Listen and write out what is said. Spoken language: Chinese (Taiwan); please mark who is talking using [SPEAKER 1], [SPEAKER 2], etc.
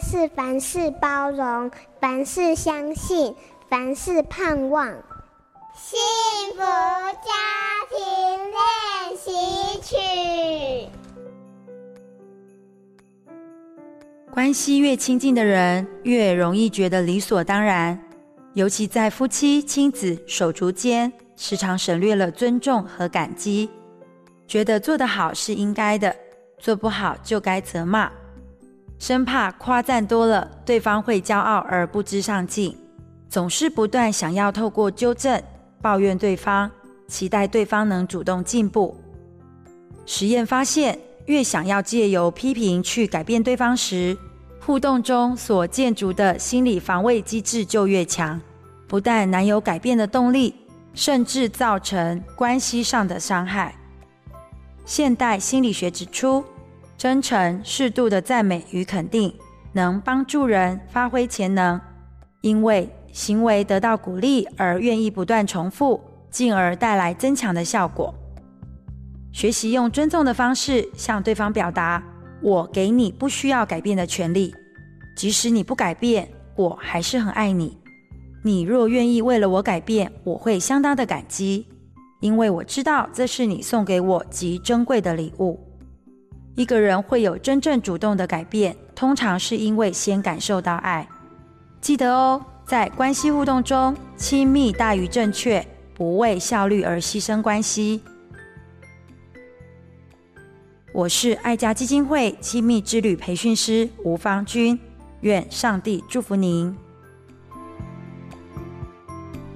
[SPEAKER 1] 是凡事包容，凡事相信，凡事盼望。幸福家庭練習曲。
[SPEAKER 2] 關係越親近的人，越容易覺得理所當然，尤其在夫妻、親子、手足間，時常省略了尊重和感激，覺得做得好是應該的，做不好就該責罵。生怕誇讚多了，對方會驕傲而不知上進，總是不斷想要透過糾正、抱怨對方，期待對方能主動進步。實驗發現，越想要借由批評去改變對方時，互動中所建築的心理防衛機制就越強，不但難有改變的動力，甚至造成關係上的傷害。現代心理學指出，真誠適度的讚美與肯定，能幫助人發揮潛能，因為行為得到鼓勵而願意不斷重複，進而帶來增強的效果。學習用尊重的方式向對方表達：我給你不需要改變的權利，即使你不改變，我還是很愛你。你若願意為了我改變，我會相當的感激，因為我知道這是你送給我極珍貴的禮物。一個人會有真正主動的改變，通常是因為先感受到愛。記得哦，在關係互動中，親密大於正確，不為效率而犧牲關係。我是愛家基金會親密之旅培訓師吳芳君，願上帝祝福您。